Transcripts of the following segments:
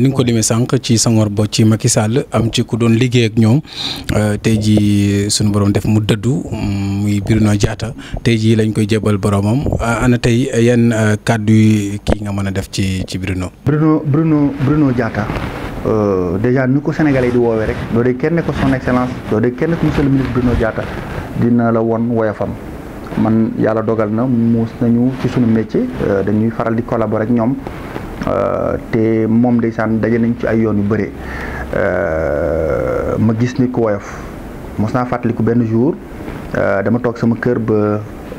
ni ko limee sànq ci Senghor ba ci Macky Sall am ci ku doon liggéey ak ñoom euh, tey jii suñu borom def mu dëddu muy Bruno Diatta tey jii lañ koy jébal boromam euh, ana tey yan euh, kàddu yi kii nga mën a def ci ci Bruno. Bruno Bruno Bruno Diatta. déjà ni ko sénégalais di woowee rek doo dee kenn ko son excellence doo dee kenn ko monsieur le Bruno Diatta dina la won woyafam man yàlla dogal na muus nañu ci suñu métier dañuy faral di collaborer ak ñoom Euh, te moom ndeysaan daje nañ ci ay yoon yu bëre euh, ma gis ni ku woyof mos naa fàttaliku benn jour euh, dama toog sama kër ba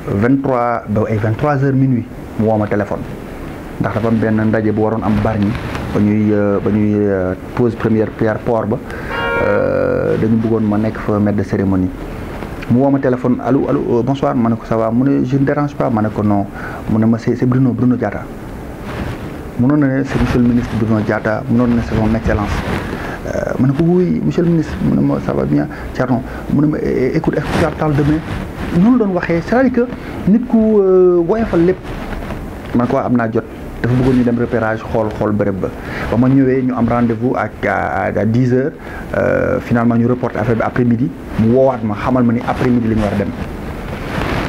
23 ba ay 23 heures minuit mu woo ma téléphone ndax dafa am benn ndaje bu waroon am barñi ba ñuy ba ñuy pose première pierre port ba dañu bëggoon ma nekk fa maître de cérémonie mu woo ma téléphone allo allo bonsoir ma ne ko ça va mu ne je ne dérange ma ne ko non mu ne ma c'est Bruno Bruno Diatta mënoon na ne c'est monsieur le ministre Bruno Diatta na ne c'est son excellence euh, ma ne ko wuy monsieur le ministre mu ne ma ça va bien Thierno ma eh, eh, écoute est-ce que tu as parlé demain noonu doon waxee cest que nit ku euh, woyefal lépp man ko am naa jot dafa bëggoon ñu dem repérage xool xool bërëb ba ba ma ñëwee ñu am rendez-vous ak à dix heures euh, finalement ñu reporté affaire bi après midi mu woowaat ma xamal ma ni après midi la ñu war a dem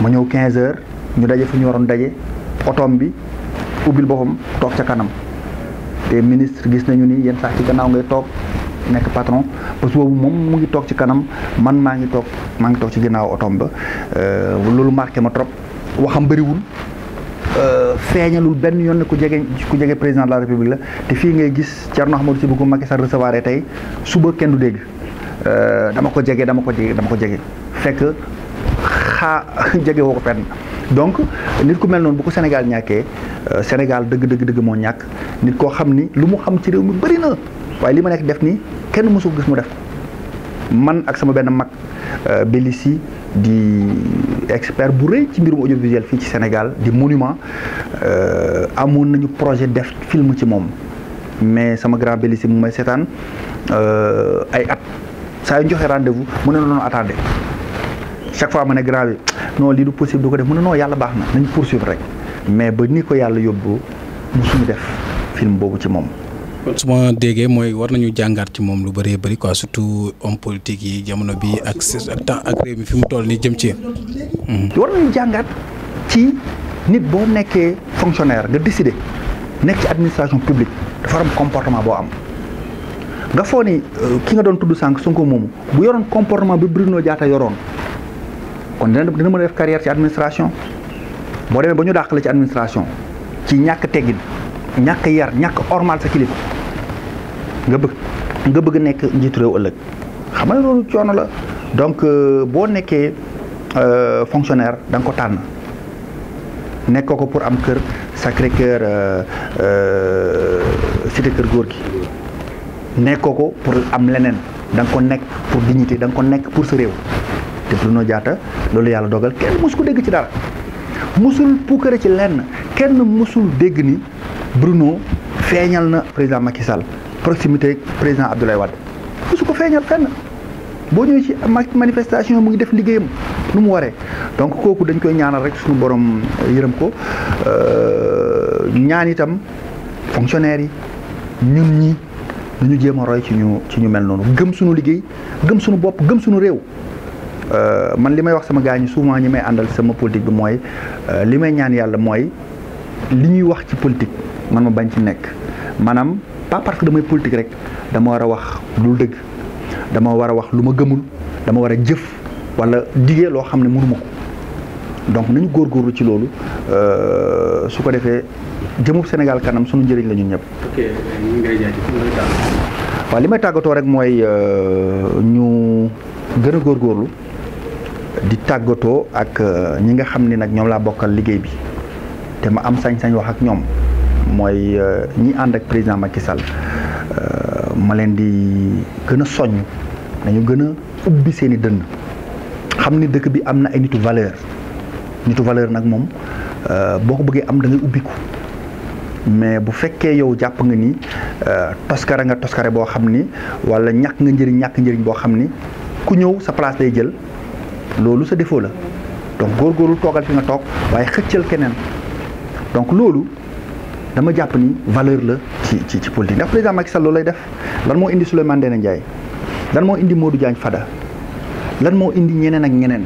ma ñëw quinze heures ñu daje fu ñu waroon daje otoom bi ubbil boppam toog ca kanam te ministre gis nañu ni yenn sax ci gannaaw ngay toog nekk patron parce boobu moom mu ngi toog ci kanam man maa ngi toog maa ngi toog ci ginnaaw otoom ba euh, loolu marqué ma trop waxam bëriwul euh, feeñalul benn yoon ne ku jege ku jege président de la république la te fii ngay gis Thierno Amadou Sy bu ko Macky sa recevoir tey suba kenn du dégg euh, dama ko jege dama ko jege dama ko jege fekk xaa jege woo ko fenn donc nit ku mel noonu bu ko Sénégal ñàkkee Euh, Sénégal dëgg dëgg dëgg moo ñàkk nit koo xam ni lu mu xam ci réew mi bëri na waaye li ma nekk def nii kenn mësu gis mu def man ak sama benn mag euh, Bélissi di expert bu rëy ci mbirum audiovisuel fii ci Sénégal di monument euh, amoon nañu projet def film ci moom mais sama grand Bélissi mu may seetaan ay at saa yu ñu joxe rendez-vous mu ne noonu attendé chaque fois ma ne grand bi non lii du possible du ko def mu ne non yàlla baax na nañ poursuivre rek. mais ba ni ko yàlla yóbbu musuñu def film boobu ci moom. su ma déggee mooy war nañu jàngaat ci moom lu bëree bëri quoi surtout homme politique yi jamono bi ak ak temps ak réew mi fi mu toll nii jëm ci. Hmm. war nañu jàngaat ci nit boo nekkee fonctionnaire nga décider nekk ci administration publique dafa am comportement boo am. nga foo ni euh, ki nga doon tudd sànq Sonko moomu bu yoroon comportement bi Bruno Diatta yoroon kon dina dina mën a ci administration. boo demee ba ñu dàq la ci administration ci ñàkk teggin ñàkk yar ñàkk ormal sa kilifa nga bëgg nga bëgg nekk njiitu réew ëllëg xam nga loolu coono la donc euh, boo nekkee euh, fonctionnaire da nga ko tànn nekk ko pour am kër Sacré Cœur euh, cité kër góor gi nekk ko pour am leneen da nga ko nekk pour dignité da nga ko nekk pour sa réew te Bruno Diatta loolu yàlla dogal kenn mos ko dégg ci dara. mosul puukare ci lenn kenn mosul dégg ni Bruno feeñal na président Macky Sall proximité président Abdoulaye Wade musu ko feeñal fenn boo ñëwee ci mak manifestation mu ngi def liggéeyam nu mu waree donc kooku dañ koy ñaanal rek suñu borom euh, yërëm ko euh, ñaan itam fonctionnaires yi ñun ñi dañu jéem a roy ci ñu ci ñu mel noonu gëm suñu liggéey gëm suñu bopp gëm suñu réew Euh, man li may wax sama gars ñi souvent ñi may àndal sama politique bi mooy euh, li may ñaan yàlla mooy li ñuy wax ci politique man ma bañ ci nekk maanaam pas parce que damay politique rek dama war a wax lu dëgg dama war a wax lu ma gëmul dama war a jëf wala digee loo xam ne mënuma ko donc nañu góorgóorlu ci loolu euh, su ko defee jëmub Sénégal kanam sunu njëriñ la ñun ñu ngi waaw li may tàggatoo rek mooy ñu gën a góorlu di tàggatoo ak euh, ñi nga xam ni nag ñoom laa bokkal liggéey bi te ma am sañ-sañ wax ak ñoom mooy euh, ñi ànd ak président Macky Sall euh, ma leen di gën a soññ nañu gën a ubbi seeni dënn xam ni dëkk bi am na ay nitu valeur nitu valeur nag moom boo ko bëggee am da ngay ubbiku mais bu fekkee yow jàpp nga ni toskare nga toskare boo xam ni wala ñàkk nga njëriñ ñàkk njëriñ boo xam ni ku ñëw sa place lay jël loolu sa defoo la donc góorgóorlu toogal fi nga toog waaye xëccal keneen donc loolu dama jàpp ni valeur la ci ci ci politique ndax président Macky loolu lay def lan moo indi Souleymane Ndéné Ndiaye lan moo indi Modou Diagne Fada lan moo indi ñeneen ak ñeneen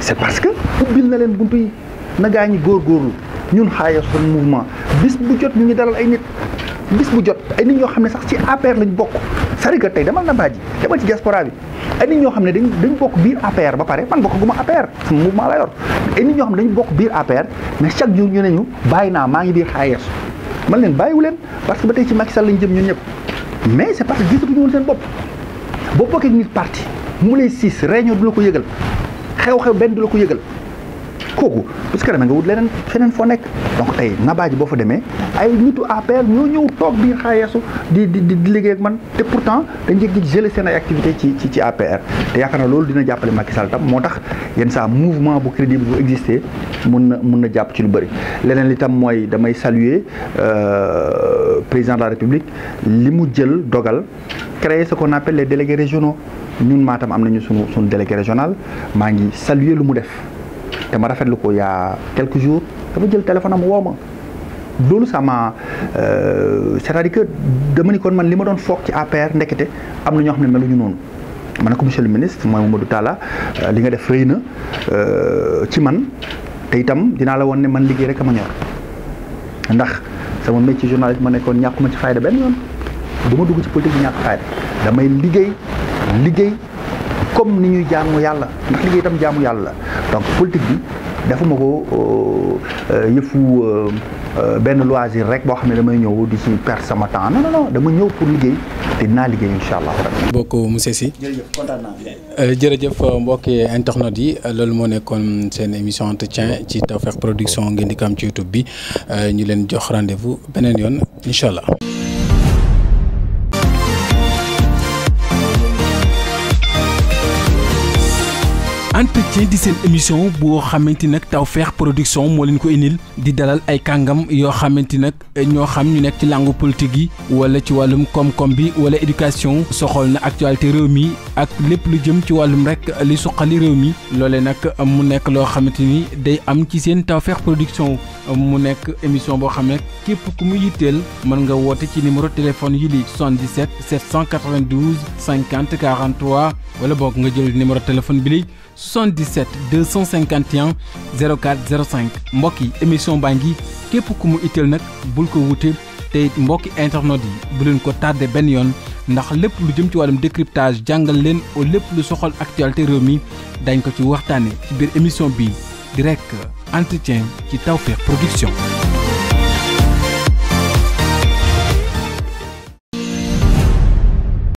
c'est parce que ubbil na leen buntu yi na gaa góor góorgóorlu ñun xaaya son mouvement bis bu jot ñu ngi dalal ay nit bis bu jot ay nit ñoo xam ne sax ci APR lañ bokk c'est-à-dire que tey demal na baaji ci diaspora bi ay nit ñoo xam ne dañ dañ bokk biir APR ba pare man bokkaguma APR sama mouvement la yor ay nit ñoo xam ne dañ bokk biir APR mais chaque jour ñu ne ñu bàyyi naa maa ngi biir AES man leen bàyyiwu leen parce que ba tey ci Macky Sall lañ jëm ñun ñëpp mais c'est parce que gisatuñu woon seen bopp boo bokkee nit parti mu lay siis réunion du la ko yëgal xew-xew benn du la ko yëgal kooku bu que kanamee nga wut leneen feneen foo nekk donc tey nabaaji boo fa demee ay nitu APR ñoo ñëw toog biir xaayeesu di di di liggéey ak man te pourtant dañ jékki jëlee seen ay activité ci ci ci APR te yaakaar na loolu dina jàppale Macky tam moo tax yenn saa mouvement bu crédit bu existé mun na mun na jàpp ci lu bëri leneen li tam mooy damay saluer euh, président de la République li mu jël dogal créer ce qu'on appelle les délégués régionaux ñun maatam am nañu sunu sunu délégué régional maa ngi saluer lu mu def te ma rafetlu ko il y a quelques dafa jël téléphone am woo ma loolu sama euh, cest à que dama ni kon man li ma doon foog ci APR ndekete am na ñoo xam ne meluñu noonu. ma ne ko monsieur le ministre mooy Mamadou Talla euh, li nga def rëy na euh, ci man te itam dinaa la woon ne man liggéey rek a ma ñor ndax sama métier journaliste ma nekkoon ñàkkuma ci fayda benn yoon du ma dugg ci politique bi ñàkk fayda damay liggéey liggéey comme ni ñuy jaamu yàlla ndax liggéey itam jaamu yàlla donc politique bi defuma ko euh, yëfu euh, benn loisir rek boo xam ne damay ñëw di ci perdre sama temps non non dama ñëw pour liggéey te dinaa liggéey incha allah. mbokk monsieur Sy. jërëjëf kontaan naa. Euh, jërëjëf mbokki internet yi loolu moo nekkoon seen émission entretien ci Tawfekh Production ngeen di am ci YouTube bi ñu leen jox rendez beneen yoon incha allah. entretien di seen émission boo xamante nag Tawfekh production moo leen ko indil di dalal ay kàngam yoo xamante nag ñoo xam ñu nekk ci làngu politique yi wala ci wàllum koom-koom bi wala éducation soxal na actualité réew mi ak lépp lu jëm ci wàllum rek li suqali réew mi loole nag mu nekk loo xamante ni day am ci seen Tawfekh production mu nekk émission boo xam ne képp ku mu yitteel mën nga woote ci numéro téléphone yi di 77 792 50 43 wala boog nga jël numéro téléphone bi li 77 251 04 05 mbokk yi émission baa ngi képp ku mu itteel nag bul ko wute tey mbokki internet yi bu leen ko tardé benn yoon ndax lépp lu jëm ci wàllum décryptage jàngal leen au lépp lu soxal actualité réew mi dañ ko ci waxtaane ci biir émission bi direct entretien ci Tawfekh Production